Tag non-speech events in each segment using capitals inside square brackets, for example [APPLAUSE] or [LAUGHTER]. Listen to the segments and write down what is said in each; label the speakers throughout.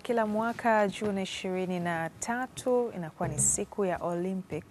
Speaker 1: kila mwaka Juni ishirini na tatu inakuwa ni siku ya Olympic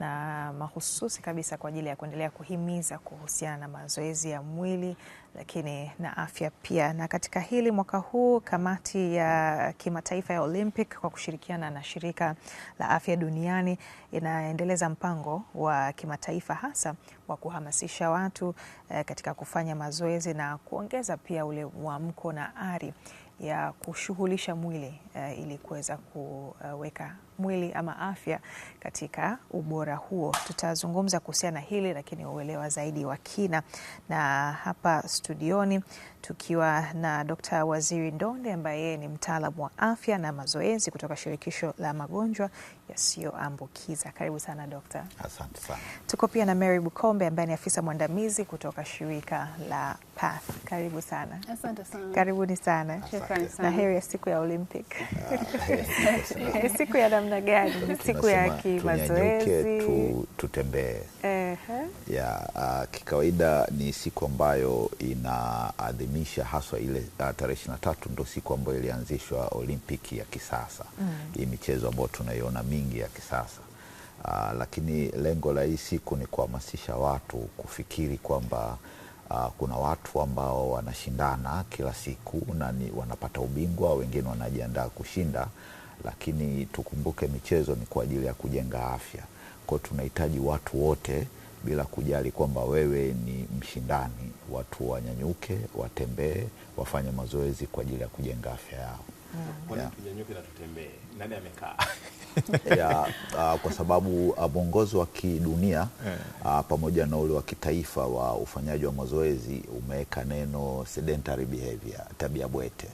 Speaker 1: na mahususi kabisa kwa ajili ya kuendelea kuhimiza kuhusiana na mazoezi ya mwili lakini na afya pia. Na katika hili mwaka huu kamati ya kimataifa ya Olympic kwa kushirikiana na shirika la afya duniani inaendeleza mpango wa kimataifa hasa wa kuhamasisha watu eh, katika kufanya mazoezi na kuongeza pia ule mwamko na ari ya kushughulisha mwili uh, ili kuweza kuweka mwili ama afya katika ubora huo. Tutazungumza kuhusiana na hili, lakini uelewa zaidi wa kina, na hapa studioni tukiwa na Dr. Waziri Ndonde ambaye yeye ni mtaalamu wa afya na mazoezi kutoka shirikisho la magonjwa yasiyoambukiza. Karibu sana Dokta. Asante sana. Tuko pia na Mary Bukombe ambaye ni afisa mwandamizi kutoka shirika la PATH. Karibu sana.
Speaker 2: Asante sana.
Speaker 1: Karibuni sana. Asante sana. Na heri ya siku ya Olympic.
Speaker 3: Ah,
Speaker 1: [LAUGHS] siku ya namna gani? Siku ya kimazoezi.
Speaker 3: Tutembee. Eh, -huh. ya uh, kikawaida ni siku ambayo inaadhimisha haswa ile uh, tarehe ishirini na tatu ndo siku ambayo ilianzishwa Olimpiki ya kisasa mm. hii michezo ambayo tunaiona mingi ya kisasa uh, lakini lengo la hii siku ni kuhamasisha watu kufikiri kwamba Uh, kuna watu ambao wanashindana kila siku na ni, wanapata ubingwa, wengine wanajiandaa kushinda, lakini tukumbuke michezo ni kwa ajili ya kujenga afya. kwao tunahitaji watu wote bila kujali kwamba wewe ni mshindani. Watu wanyanyuke, watembee, wafanye mazoezi kwa ajili ya kujenga afya yao. Mm. [LAUGHS] Yeah, uh, kwa sababu uh, mwongozo wa kidunia eh. uh, pamoja na ule wa kitaifa wa ufanyaji wa mazoezi umeweka neno sedentary behavior, tabia bwete.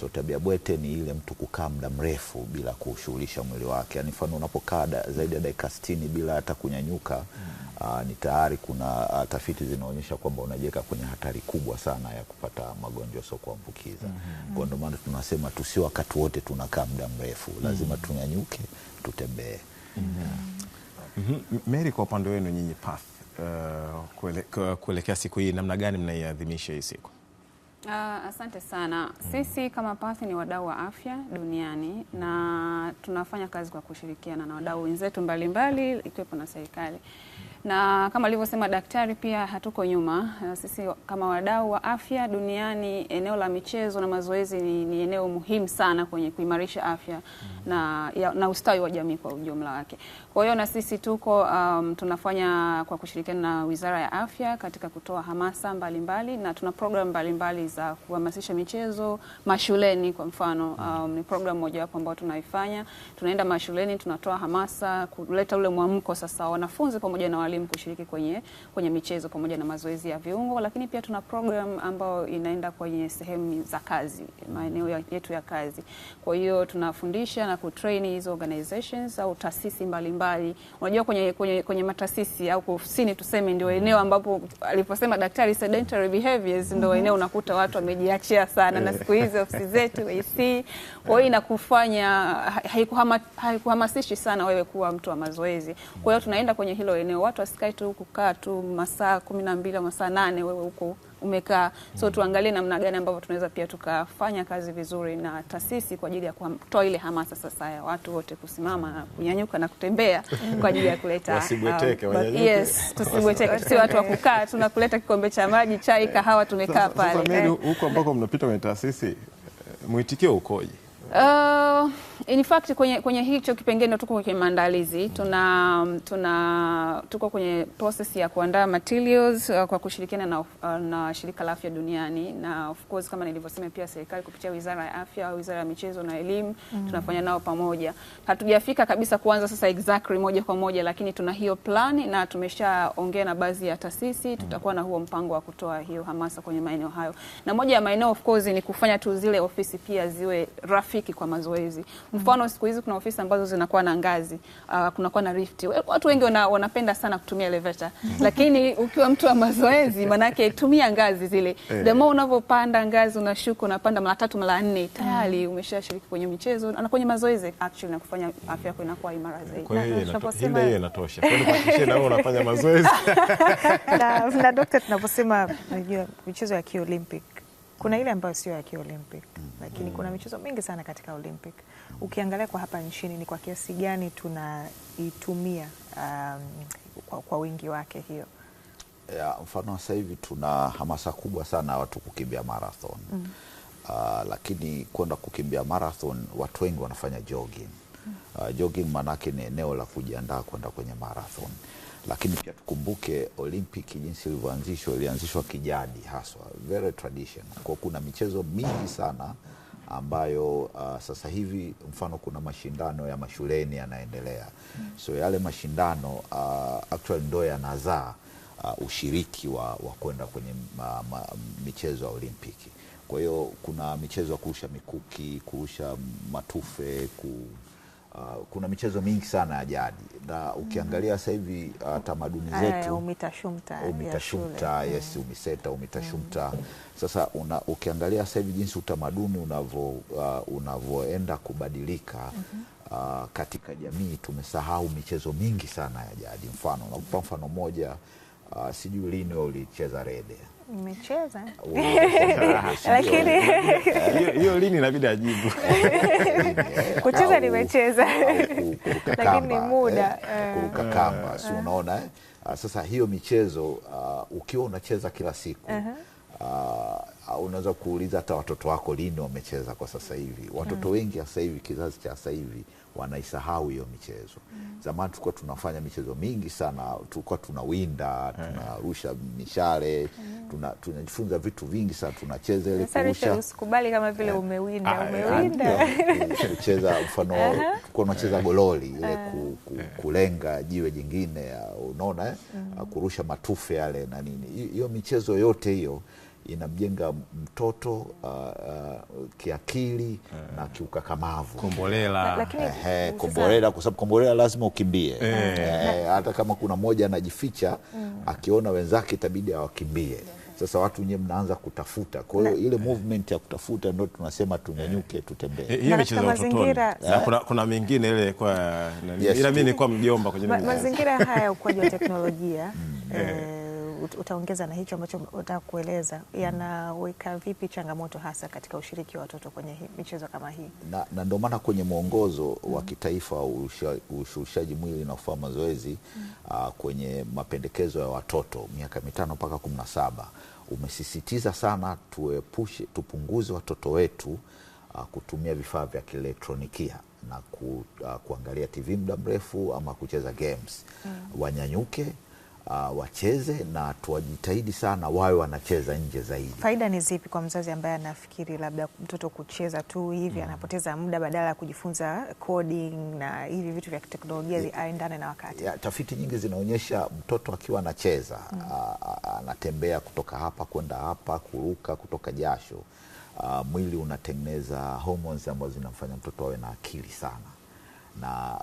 Speaker 3: So tabia bwete ni ile mtu kukaa muda mrefu bila kushughulisha mwili wake, yaani mfano unapokaa zaidi ya dakika 60 bila hata kunyanyuka mm uh, ni tayari kuna uh, tafiti zinaonyesha kwamba unajiweka kwenye hatari kubwa sana ya kupata magonjwa kuambukiza mm -hmm. Kwa ndio maana tunasema tusio wakati wote tunakaa muda mrefu, mm-hmm. lazima tunyanyuke, tutembee. mm -hmm.
Speaker 4: mm -hmm. Mary, kwa upande wenu nyinyi Path, uh, kuelekea siku hii namna gani mnaiadhimisha hii siku?
Speaker 2: Uh, asante sana. Mm-hmm. Sisi kama Path ni wadau wa afya duniani na mm-hmm. tunafanya kazi kwa kushirikiana na wadau wenzetu mbalimbali ikiwepo na serikali na kama alivyosema daktari, pia hatuko nyuma. Eh, sisi kama wadau wa afya duniani, eneo la michezo na mazoezi ni, ni eneo muhimu sana kwenye kuimarisha afya na, ya, na ustawi wa jamii kwa ujumla wake. Kwa hiyo na sisi tuko um, tunafanya kwa kushirikiana na Wizara ya Afya katika kutoa hamasa mbalimbali mbali, na tuna programu mbalimbali za kuhamasisha michezo mashuleni. Kwa mfano um, ni programu mojawapo ambayo tunaifanya, tunaenda mashuleni tunatoa hamasa kuleta ule mwamko sasa wanafunzi pamoja na walimu mwili kushiriki kwenye, kwenye michezo pamoja na mazoezi ya viungo, lakini pia tuna program ambayo inaenda kwenye sehemu za kazi, maeneo yetu ya kazi. Kwa hiyo tunafundisha na kutrain hizo organizations au taasisi mbalimbali. Unajua kwenye, kwenye, kwenye mataasisi au ofisini tuseme, ndio eneo ambapo aliposema daktari sedentary behaviors ndio mhm. eneo unakuta watu wamejiachia sana, na siku hizi ofisi [LAUGHS] zetu AC. Kwa hiyo inakufanya haikuhamasishi sana wewe kuwa mtu wa mazoezi. Kwa hiyo tunaenda kwenye hilo eneo watu sky tu kukaa tu masaa kumi na mbili au masaa nane wewe huko umekaa. So mm. tuangalie namna gani ambavyo tunaweza pia tukafanya kazi vizuri na taasisi kwa ajili ya kutoa ile hamasa sasa ya watu wote kusimama na kunyanyuka na kutembea mm. kwa ajili ya kuleta [LAUGHS] um, tusibweteke, si watu wa kukaa, tunakuleta kikombe cha maji, chai, kahawa, tumekaa
Speaker 4: pale eh. huko ambako mnapita kwenye taasisi, eh, mwitikio ukoje? Uh,
Speaker 2: in fact kwenye, kwenye hicho kipengele tuko kwenye maandalizi, tuna, tuna tuko kwenye process ya kuandaa materials uh, kwa kushirikiana na, uh, na shirika la afya duniani na of course kama nilivyosema pia serikali kupitia wizara ya afya, wizara ya michezo na elimu mm. tunafanya nao pamoja. Hatujafika kabisa kuanza sasa exactly moja kwa moja, lakini tuna hiyo plan na tumeshaongea na baadhi ya taasisi, mm. tutakuwa na huo mpango wa kutoa hiyo hamasa kwenye maeneo hayo, na moja ya maeneo of course ni kufanya tu zile ofisi pia ziwe rafi rafiki kwa mazoezi. Mfano, siku hizi kuna ofisi ambazo zinakuwa na ngazi, uh, kunakuwa na lift. Watu wengi wana, wanapenda sana kutumia elevator [LAUGHS] lakini ukiwa mtu wa mazoezi, manake tumia ngazi zile. Eh. The more unavyopanda ngazi, unashuka, unapanda mara tatu mara nne, tayari mm. umeshashiriki kwenye michezo na kwenye mazoezi actually, na kufanya afya yako inakuwa imara zaidi.
Speaker 4: Kwa hiyo ile inatosha, kwa hiyo unafanya mazoezi
Speaker 1: [LAUGHS] na daktari, tunaposema unajua michezo ya kiolimpiki kuna ile ambayo sio ya kiolympic mm. lakini mm. kuna michezo mingi sana katika Olympic. Ukiangalia kwa hapa nchini ni kwa kiasi gani tunaitumia um, kwa, kwa wingi wake hiyo
Speaker 3: ya, mfano sasa hivi tuna hamasa kubwa sana watu kukimbia marathon mm. uh, lakini kwenda kukimbia marathon watu wengi wanafanya jogging. Uh, jogging maanake ni eneo la kujiandaa kwenda kwenye marathon lakini pia tukumbuke Olympic jinsi ilivyoanzishwa, ilianzishwa kijadi haswa, very traditional. Kwa kuna michezo mingi sana ambayo uh, sasa hivi mfano kuna mashindano ya mashuleni yanaendelea, so yale mashindano uh, actually ndo yanazaa uh, ushiriki wa, wa kwenda kwenye ma, uh, ma, michezo ya Olimpiki. Kwa hiyo kuna michezo ya kurusha mikuki, kurusha matufe ku Uh, kuna michezo mingi sana ya jadi na ukiangalia mm-hmm. sasa hivi uh, tamaduni ah, zetu
Speaker 1: umitashumta,
Speaker 3: umitashumta mm-hmm. yes, umiseta umitashumta. Mm-hmm. Sasa una, ukiangalia sasa hivi jinsi utamaduni unavyo uh, unavyoenda kubadilika uh, katika jamii tumesahau michezo mingi sana ya jadi. Mfano nakupa mfano moja uh, sijui lini ulicheza rede
Speaker 1: Nimecheza [LAUGHS] lakini
Speaker 4: hiyo lini inabidi ajibu.
Speaker 1: [LAUGHS] Kucheza nimecheza, lakini muda
Speaker 3: eh, eh. kukakamba, si eh. unaona? Ah, sasa hiyo michezo ah, ukiwa unacheza kila siku uh-huh. ah, Ah, unaweza kuuliza hata watoto wako lini wamecheza kwa sasa hivi. Watoto mm. wengi sasa hivi, kizazi cha sasa hivi wanaisahau hiyo michezo mm. Zamani tulikuwa tunafanya michezo mingi sana, tulikuwa tunawinda, mm. tunarusha mishale mm. tuna, tunajifunza vitu vingi sana, tunacheza ile
Speaker 1: kurusha. Usikubali kama vile eh. umewinda, ah, eh, umewinda
Speaker 3: kucheza, mfano [LAUGHS] tulikuwa tunacheza gololi ile eh. ku, ku, kulenga jiwe jingine, unaona eh? mm. kurusha matufe yale na nini, hiyo michezo yote hiyo inamjenga mtoto uh, uh, kiakili uh, na eh. kiukakamavu.
Speaker 4: Kombolela,
Speaker 3: lakini kombolela kwa sababu kombolela lazima ukimbie eh. Eh, hata kama kuna mmoja anajificha mm. akiona wenzake itabidi awakimbie sasa watu wenyewe mnaanza kutafuta, kwa hiyo ile movement ya kutafuta ndio tunasema tunyanyuke, tutembee.
Speaker 4: Eh, hiyo michezo ya eh? kuna, kuna mingine ile kwa yes, ila mimi nilikuwa mjomba kwenye
Speaker 1: ma, mazingira haya ya ukuaji wa teknolojia mm utaongeza na hicho ambacho utakueleza, yanaweka vipi changamoto hasa katika ushiriki wa watoto kwenye michezo kama hii?
Speaker 3: Na, na ndio maana kwenye mwongozo mm wa kitaifa ushughulishaji mwili na ufaa mazoezi mm uh, kwenye mapendekezo ya watoto miaka mitano mpaka kumi na saba umesisitiza sana tuepushe, tupunguze watoto wetu uh, kutumia vifaa vya kielektronikia na ku, uh, kuangalia TV muda mrefu ama kucheza games mm. Wanyanyuke uh, wacheze na tuwajitahidi sana wawe wanacheza nje zaidi.
Speaker 1: Faida ni zipi kwa mzazi ambaye anafikiri labda mtoto kucheza tu hivi mm, anapoteza muda badala ya kujifunza coding na hivi vitu vya teknolojia aendane na wakati?
Speaker 3: Ya, tafiti nyingi zinaonyesha mtoto akiwa anacheza mm, anatembea kutoka hapa kwenda hapa, kuruka kutoka jasho, uh, mwili unatengeneza ambazo zinamfanya mtoto awe na akili sana na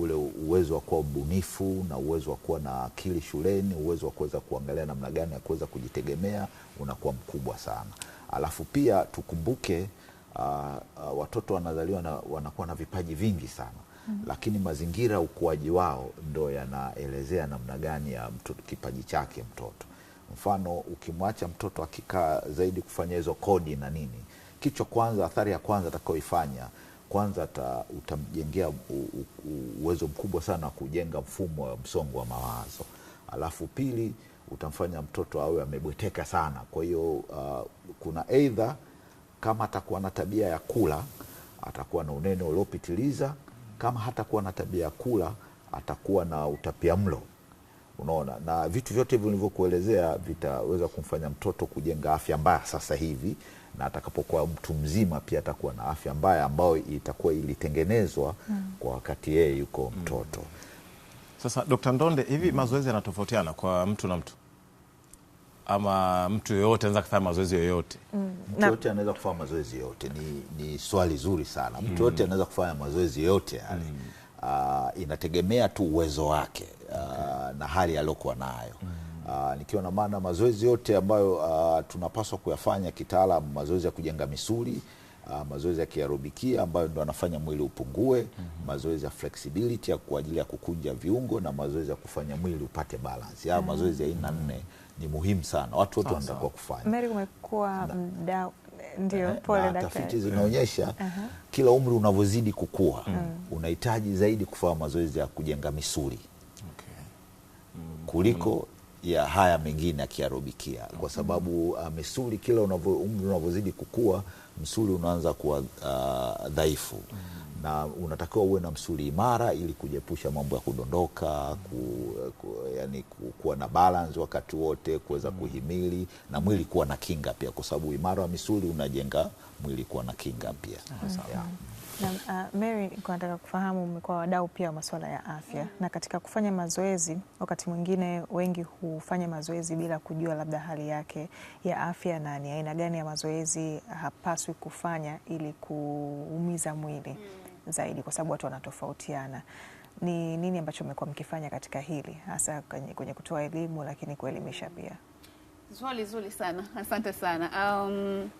Speaker 3: ule uwezo wa kuwa ubunifu na uwezo wa kuwa na akili shuleni, uwezo wa kuweza kuangalia namna gani ya kuweza kujitegemea unakuwa mkubwa sana. Alafu pia tukumbuke uh, uh, watoto wanazaliwa na, wanakuwa na vipaji vingi sana mm -hmm. Lakini mazingira ukuaji wao ndo yanaelezea namna gani ya mtoto, kipaji chake mtoto. Mfano, ukimwacha mtoto akikaa zaidi kufanya hizo kodi na nini, kichwa kwanza, athari ya kwanza atakayoifanya kwanza utamjengea uwezo mkubwa sana wa kujenga mfumo wa msongo wa mawazo, alafu pili utamfanya mtoto awe amebweteka sana. Kwa hiyo uh, kuna aidha kama atakuwa na tabia ya kula atakuwa na unene uliopitiliza. Kama hatakuwa na tabia ya kula atakuwa na utapia mlo. Unaona, na vitu vyote hivyo vilivyokuelezea vitaweza kumfanya mtoto kujenga afya mbaya sasa hivi na atakapokuwa mtu mzima pia atakuwa na afya mbaya ambayo itakuwa ilitengenezwa mm. kwa wakati yeye yuko hmm. mtoto mm.
Speaker 4: Sasa Dkt. Ndonde, hivi mm. mazoezi yanatofautiana kwa mtu na mtu ama mtu yoyote anaweza kufanya mazoezi yoyote? mm.
Speaker 3: mtu hmm, yoyote anaweza kufanya mazoezi yoyote. Ni, ni swali zuri sana. Mtu hmm. yoyote mm. anaweza kufanya mazoezi yoyote mm. Uh, inategemea tu uwezo wake uh, okay. Ah, na hali aliyokuwa nayo mm. Ah, nikiwa na maana mazoezi yote ambayo uh, tunapaswa kuyafanya kitaalamu, mazoezi ya kujenga misuli uh, mazoezi ya kiarobikia ambayo ndo anafanya mwili upungue mm -hmm. mazoezi ya flexibility ya kwa ajili ya kukunja viungo na mazoezi ya kufanya mwili upate balance. Haya mm. mazoezi ya aina nne ni muhimu sana, watu wote wanatakiwa kufanya.
Speaker 1: Mary, umekuwa mdau ndio, eh, pole daktari.
Speaker 3: Tafiti zinaonyesha uh -huh. kila umri unavyozidi kukua mm. unahitaji zaidi kufanya mazoezi ya kujenga misuli okay. Mm. kuliko ya haya mengine akiarobikia, kwa sababu uh, misuli kila umri unavyozidi kukua msuli unaanza kuwa uh, dhaifu mm -hmm. na unatakiwa uwe na msuli imara ili kujepusha mambo ya kudondoka ku, ku, yani, ku, kuwa na balance wakati wote kuweza mm -hmm. kuhimili na mwili kuwa na kinga pia, kwa sababu imara wa misuli unajenga mwili kuwa na kinga pia mm -hmm.
Speaker 1: Na, uh, Mary nilikuwa nataka kufahamu mmekuwa wadau pia wa masuala ya afya mm. Na katika kufanya mazoezi wakati mwingine wengi hufanya mazoezi bila kujua labda hali yake ya afya na ni aina gani ya mazoezi hapaswi kufanya ili kuumiza mwili mm. zaidi kwa sababu watu wanatofautiana. Ni nini ambacho mmekuwa mkifanya katika hili hasa kwenye kutoa elimu lakini kuelimisha pia?
Speaker 2: Swali zuri sana, asante sana. Um,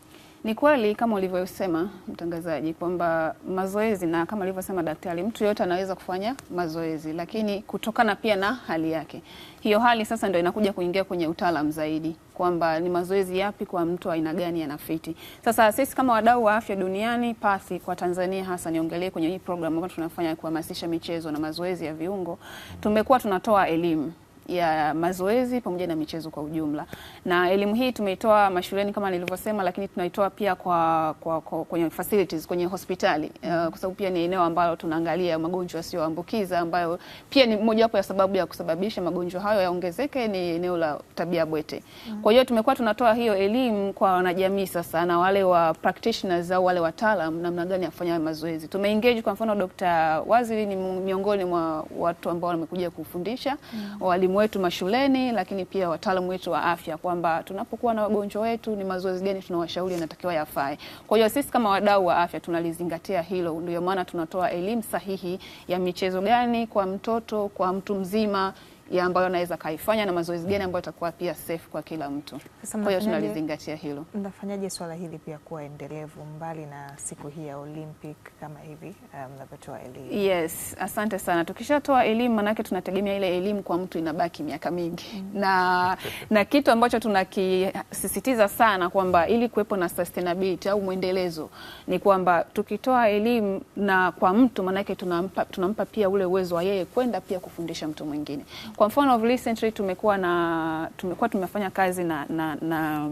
Speaker 2: ni kweli kama ulivyosema mtangazaji, kwamba mazoezi na kama alivyosema daktari, mtu yoyote anaweza kufanya mazoezi, lakini kutokana pia na hali yake. Hiyo hali sasa ndio inakuja kuingia kwenye utaalamu zaidi, kwamba ni mazoezi yapi kwa mtu aina gani yanafiti. Sasa sisi kama wadau wa afya duniani, pasi kwa Tanzania hasa, niongelee kwenye hii program ambayo tunafanya kuhamasisha michezo na mazoezi ya viungo, tumekuwa tunatoa elimu ya mazoezi pamoja na michezo kwa ujumla, na elimu hii tumeitoa mashuleni kama nilivyosema, lakini tunaitoa pia kwa, kwa, kwa, kwenye facilities kwenye hospitali uh, kwa sababu pia ni eneo ambalo tunaangalia magonjwa yasiyoambukiza ambayo pia ni mojawapo ya sababu ya kusababisha magonjwa hayo yaongezeke, ni eneo la tabia bwete. Mm. Kwa hiyo tumekuwa tunatoa hiyo elimu kwa wanajamii sasa na wale wa practitioners au wale wataalam, namna gani ya kufanya mazoezi. Tumeengage kwa mfano Dr. Waziri ni miongoni mwa watu ambao wamekuja kufundisha mm. walimu wetu mashuleni, lakini pia wataalamu wetu wa afya kwa kwamba tunapokuwa na wagonjwa wetu ni mazoezi gani tunawashauri yanatakiwa yafae. Kwa hiyo sisi kama wadau wa afya tunalizingatia hilo, ndio maana tunatoa elimu sahihi ya michezo gani kwa mtoto, kwa mtu mzima ya ambayo anaweza kaifanya na mazoezi gani ambayo itakuwa pia safe kwa kila mtu. Kwa hiyo tunalizingatia hilo.
Speaker 1: Mnafanyaje swala hili pia kuwa endelevu mbali na siku hii ya Olympic kama hivi mnapotoa um, elimu?
Speaker 2: Yes, asante sana. Tukishatoa elimu manake tunategemea ile elimu kwa mtu inabaki miaka mingi. Mm -hmm. Na na kitu ambacho tunakisisitiza sana kwamba ili kuwepo na sustainability au mwendelezo ni kwamba tukitoa elimu na kwa mtu manake tunampa tunampa pia ule uwezo wa yeye kwenda pia kufundisha mtu mwingine. Kwa mfano of recently tumekuwa na tumekuwa tumefanya kazi na, na, na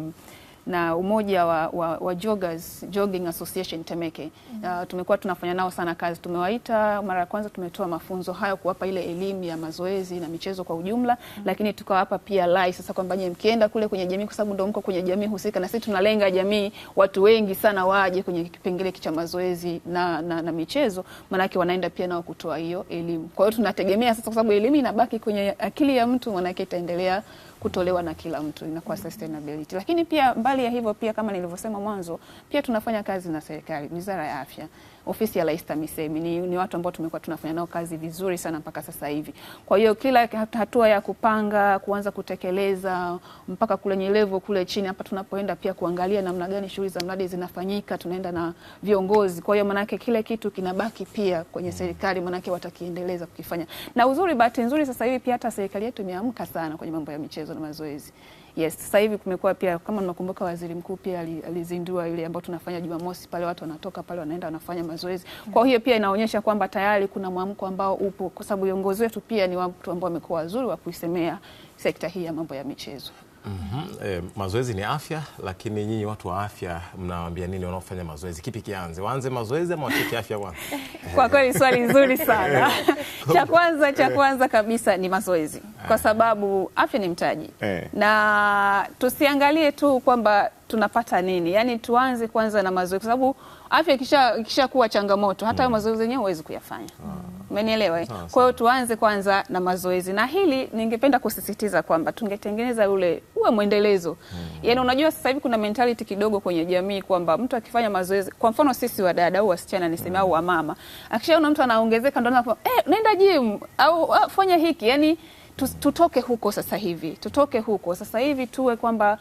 Speaker 2: na umoja wa, wa, wa joggers, Jogging Association Temeke. mm -hmm. Uh, tumekuwa tunafanya nao sana kazi, tumewaita mara ya kwanza, tumetoa mafunzo hayo kuwapa ile elimu ya mazoezi na michezo kwa ujumla. mm -hmm. Lakini tukawapa pia lai sasa kwamba nyie mkienda kule kwenye jamii, kwa sababu ndio mko kwenye jamii husika, na sisi tunalenga jamii, watu wengi sana waje kwenye kipengele cha mazoezi na, na, na michezo, maanake wanaenda pia nao kutoa hiyo elimu. Kwa hiyo tunategemea sasa, kwa sababu elimu inabaki kwenye akili ya mtu, maanake itaendelea kutolewa na kila mtu, inakuwa sustainability. Lakini pia mbali ya hivyo, pia kama nilivyosema mwanzo, pia tunafanya kazi na serikali, Wizara ya Afya ofisi ya Rais TAMISEMI ni, ni watu ambao tumekuwa tunafanya nao kazi vizuri sana mpaka sasa hivi. Kwa hiyo kila hatua ya kupanga, kuanza kutekeleza mpaka kule nyelevo kule chini, hapa tunapoenda pia kuangalia namna gani shughuli za mradi zinafanyika, tunaenda na viongozi. Kwa hiyo manake kile kitu kinabaki pia kwenye serikali, manake watakiendeleza kukifanya. Na uzuri, bahati nzuri sasa hivi pia hata serikali yetu imeamka sana kwenye mambo ya michezo na mazoezi. Yes, sasa hivi kumekuwa pia kama nakumbuka waziri mkuu pia alizindua ile ambayo tunafanya Jumamosi pale watu wanatoka pale wanaenda wanafanya mazoezi. Kwa hiyo pia inaonyesha kwamba tayari kuna mwamko ambao upo kwa sababu viongozi wetu pia ni watu ambao wamekuwa wazuri wa kuisemea sekta hii ya mambo ya michezo.
Speaker 4: Mm -hmm. E, mazoezi ni afya, lakini nyinyi watu wa afya mnawaambia nini wanaofanya mazoezi? Kipi kianze, waanze mazoezi ama wacheke afya kwanza?
Speaker 2: Kwa kweli swali zuri sana [LAUGHS] [LAUGHS] cha kwanza cha eh. kwanza kabisa ni mazoezi, eh. kwa sababu afya ni mtaji eh. Na tusiangalie tu kwamba tunapata nini, yaani tuanze kwanza na mazoezi, kwa sababu afya ikishakuwa kisha changamoto, hata mm. mazoezi yenyewe huwezi kuyafanya hmm. Umenielewa eh? Kwa hiyo tuanze kwanza na mazoezi, na hili ningependa kusisitiza kwamba tungetengeneza ule uwe mwendelezo mm. Yaani, unajua sasa hivi kuna mentality kidogo kwenye jamii kwamba mtu akifanya mazoezi, kwa mfano sisi wadada au wasichana niseme, au wamama, hmm. akishaona mtu anaongezeka ndo anasema eh, nenda gym au ah, fanya hiki yani tutoke huko sasa hivi, tutoke huko sasa hivi, tuwe kwamba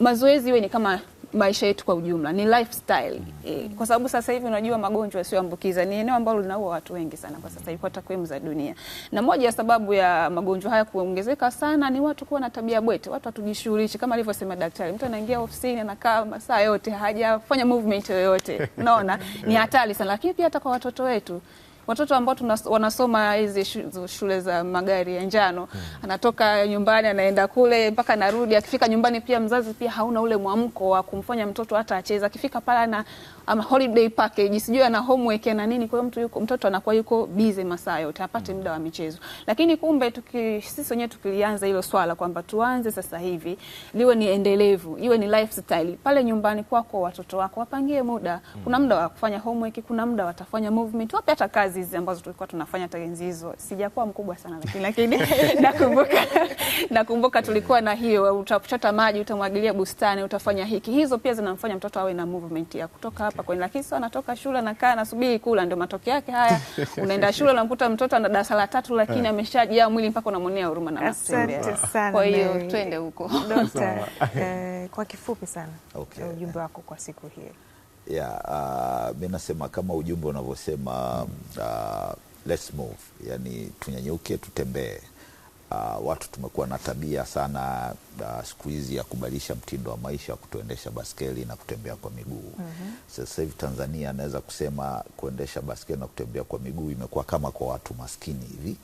Speaker 2: mazoezi iwe ni kama maisha yetu kwa ujumla, ni lifestyle e, kwa sababu sasa hivi unajua magonjwa yasiyoambukiza ni eneo ambalo linaua watu wengi sana kwa sasa hivi kwa takwimu za dunia, na moja ya sababu ya magonjwa haya kuongezeka sana ni watu kuwa na tabia bwete. Watu hatujishughulishi kama alivyosema daktari, mtu anaingia ofisini anakaa masaa yote hajafanya movement yoyote, unaona ni [LAUGHS] hatari sana, lakini pia hata kwa watoto wetu watoto ambao wanasoma hizi shule za magari ya njano hmm. Anatoka nyumbani anaenda kule mpaka anarudi. Akifika nyumbani pia mzazi pia hauna ule mwamko wa kumfanya mtoto hata acheze. Akifika pale ana um, holiday package, sijui ana homework na nini. Kwa hiyo mtu yuko, mtoto anakuwa yuko busy masaa yote, apate muda wa hmm. michezo. Lakini kumbe tuki, sisi wenyewe tukilianza hilo swala kwamba tuanze sasa hivi liwe ni endelevu, iwe ni lifestyle pale nyumbani kwako, watoto wako wapangie muda. Kuna hmm. muda wa kufanya homework, kuna muda watafanya movement, wape hata kazi kazi hizi ambazo tulikuwa tunafanya tenzi hizo, sijakuwa mkubwa sana lakini lakini [LAUGHS] nakumbuka nakumbuka tulikuwa na hiyo, utachota maji, utamwagilia bustani, utafanya hiki. Hizo pia zinamfanya mtoto awe na movement ya kutoka hapa kwenda, lakini sio anatoka shule na kaa nasubiri kula, ndio matokeo yake haya. [LAUGHS] Unaenda shule unamkuta mtoto ana darasa la tatu, lakini eh. ameshajaa mwili mpaka unamwonea huruma na mseme. Kwa hiyo twende huko
Speaker 1: Dokta, eh, kwa kifupi sana okay, ujumbe wako kwa siku hii.
Speaker 3: Yeah, uh, ah, mi nasema kama ujumbe unavyosema uh, let's move, yani tunyanyuke, tutembee. Uh, watu tumekuwa na tabia sana uh, siku hizi ya kubadilisha mtindo wa maisha, kutoendesha baskeli na kutembea kwa miguu mm -hmm. Sasa hivi Tanzania anaweza kusema kuendesha baskeli na kutembea kwa miguu imekuwa kama kwa watu maskini hivi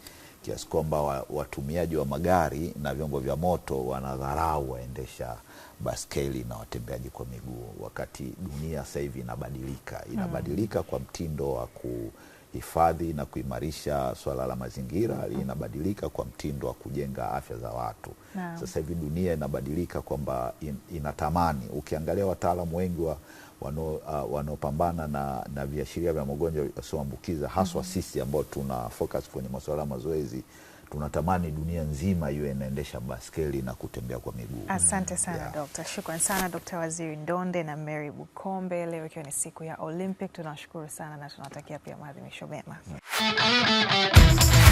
Speaker 3: kiasi kwamba watumiaji wa magari na vyombo vya moto wanadharau waendesha baskeli na watembeaji kwa miguu, wakati dunia sasa hivi inabadilika, inabadilika hmm. kwa mtindo wa kuhifadhi na kuimarisha swala la mazingira, inabadilika kwa mtindo wa kujenga afya za watu. Sasa hivi dunia inabadilika kwamba in, inatamani ukiangalia wataalamu wengi wa wanaopambana uh, na, na viashiria vya magonjwa yasioambukiza haswa mm -hmm. Sisi ambao tuna focus kwenye masuala ya mazoezi tunatamani dunia nzima iwe inaendesha baskeli na kutembea kwa miguu.
Speaker 1: Asante mm. sana yeah. Dokta, shukran sana Dokta Waziri Ndonde na Mary Bukombe, leo ikiwa ni siku ya Olympic. Tunawashukuru sana na tunawatakia pia maadhimisho mema yeah. Mm. Mm.